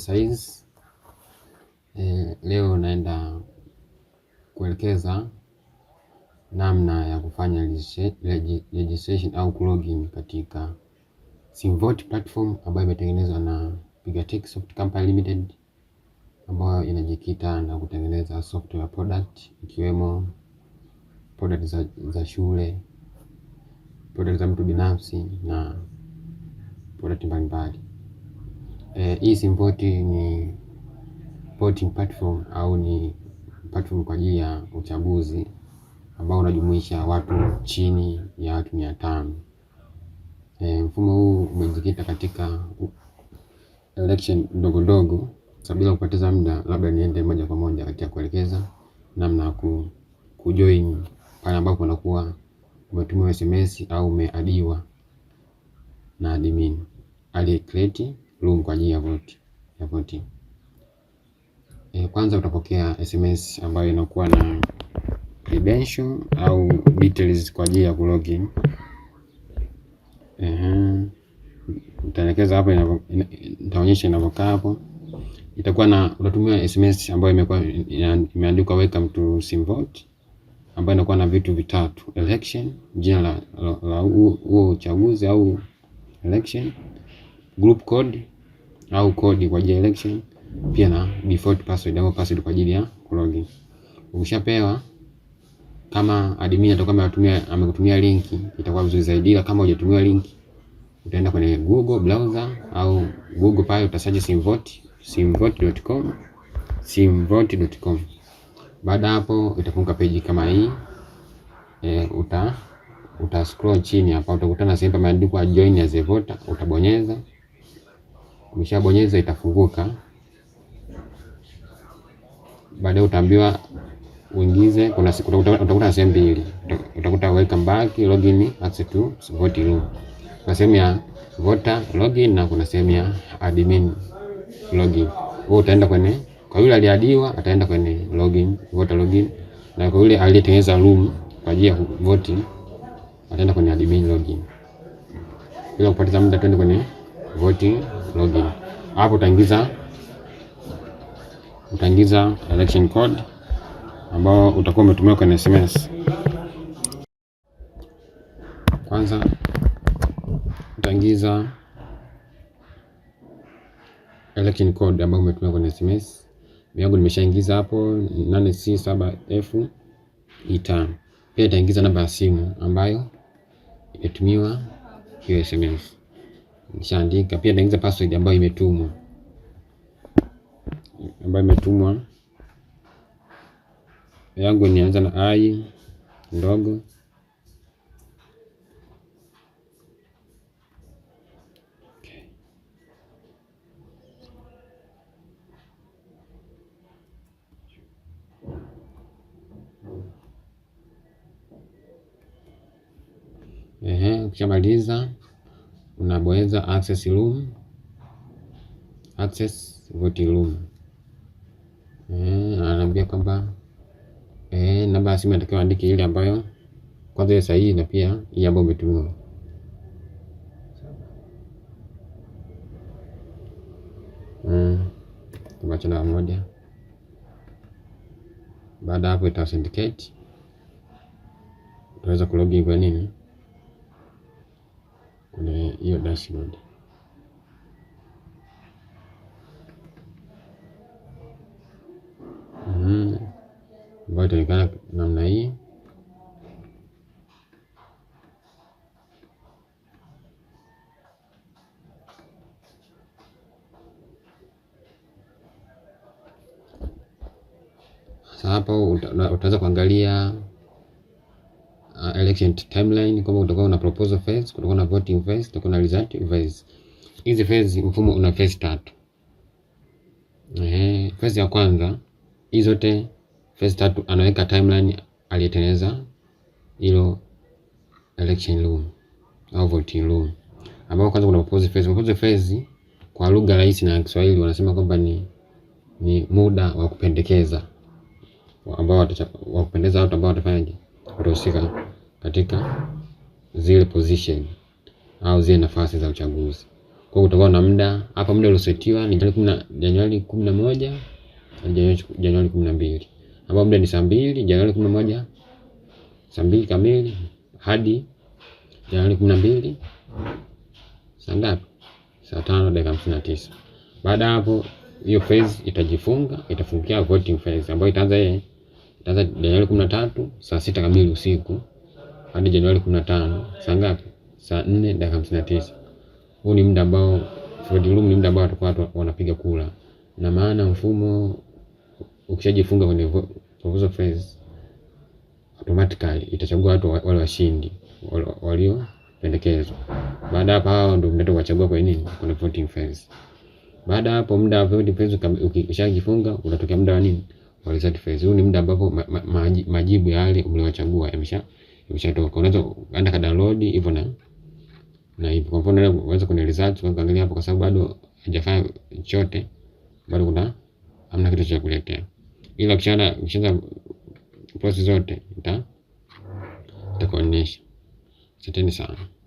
exercise. E, eh, leo naenda kuelekeza namna ya kufanya registration au login katika Simvote platform ambayo imetengenezwa na Pigatech Soft Company Limited ambayo inajikita na kutengeneza software product ikiwemo product za, za shule, product za mtu binafsi na product mbalimbali. Eh, hii eh, poti ni voting platform au ni platform kwa ajili ya uchaguzi ambao unajumuisha watu chini ya watu mia tano. E, mfumo huu umejikita katika election ndogo ndogo. Sasa bila kupoteza muda, labda niende moja kwa moja katika kuelekeza namna ya ku kujoin pale ambapo unakuwa umetumiwa SMS au umeadiwa na admin. Ali create room kwa ajili ya vote ya voting. E, kwanza utapokea SMS ambayo inakuwa na credential au details kwa ajili ya kulogin. Eh, utaelekeza hapo, itaonyesha inavyokaa hapo. Itakuwa na utatumia SMS ambayo imekuwa imeandikwa welcome to SimVote ambayo inakuwa na vitu vitatu: election, jina la huo uchaguzi au election group code au code kwa ajili ya election, pia na default password au password kwa ajili ya login. Ukishapewa kama admin atakuwa ametumia amekutumia link, itakuwa vizuri zaidi, ila kama hujatumiwa link, utaenda kwenye Google browser au Google pale utasearch simvote simvote.com simvote.com. Baada hapo itafunguka page kama hii e, uta uta scroll chini hapa utakutana sehemu imeandikwa join as a voter, utabonyeza. Ukishabonyeza itafunguka, baadaye utaambiwa uingize, kuna utakuta na sehemu mbili, utakuta welcome back, login, access to vote room. Kuna sehemu ya voter login na kuna sehemu ya admin login. Wewe utaenda kwenye, kwa yule aliadiwa ataenda kwenye login, voter login, na kwa yule aliyetengeneza room kwa ajili ya voting ataenda kwenye admin login. Bila kupoteza muda, twende kwenye voting login. Hapo ah, utaingiza utaingiza election code ambao utakuwa umetumia kwenye SMS. Kwanza utaingiza election code ambao umetumia kwenye SMS. Mimi yangu nimeshaingiza hapo 8C7F ita. Pia itaingiza namba ya simu ambayo imetumiwa hiyo SMS nishaandika pia naingiza password ambayo imetumwa ambayo imetumwa yangu nianza na ai ndogo okay. Ehe, ukishamaliza unabonyeza access room, access vote room. Eh, anaambia kwamba eh, namba ya simu inatakiwa andike ile ambayo kwanza ile sahihi na pia ile ambayo umetumiwa. Mm, tubacha namba moja. Baada hapo ita authenticate, utaweza kulogin kwa nini kwenye hiyo dashboard. Mhm. ambayo itaonekana namna hii. Sasa hapa utaweza kuangalia election timeline kwamba kutakuwa na proposal phase, kutakuwa na voting phase, kutakuwa na result phase. Hizi phase mfumo una phase tatu. Eh, phase ya kwanza hizi zote phase tatu anaweka timeline aliyetengeneza hilo election room au voting room, ambapo kwanza kuna proposal phase. Proposal phase kwa lugha rahisi na Kiswahili wanasema kwamba ni ni muda wa kupendekeza ambao wa kupendeza watu ambao watafanyaje watahusika katika zile position au zile nafasi za uchaguzi. Kwa hiyo kutakuwa na muda hapa, muda uliosetiwa ni Januari kumi na moja Januari kumi na mbili ambao muda ni saa mbili Januari 11 moja saa mbili kamili hadi Januari kumi na mbili saa ngapi? Saa tano dakika hamsini na tisa. Baada hapo hiyo phase itajifunga, itafungia voting phase ambayo itaanza yeye kumi Januari 13 saa sita kamili usiku hadi Januari 15 saa ngapi? Saa 4 dakika 59. Huu ni muda ambao Fred room ni muda ambao watakuwa watu wanapiga kura, na maana mfumo ukishajifunga kwenye proposal phase automatically itachagua watu wale washindi walio waliopendekezwa. Baada hapo, hao ndio mnaenda kuchagua kwa nini, kwenye voting phase. Baada hapo, muda wa voting phase ukishajifunga, unatokea muda wa nini, wa result phase. Huu ni muda ambapo ma, ma, majibu yale mliowachagua yamesha imeshatoka. Unaweza ukaenda kadownload hivyo na na hivyo. Kwa mfano unaweza kuna results ukaangalia hapo, kwa sababu bado hajafanya chote bado kuna amna kitu cha kuletea, ila ukishaanza ukishaanza process zote ita itakuonyesha. Asanteni sana.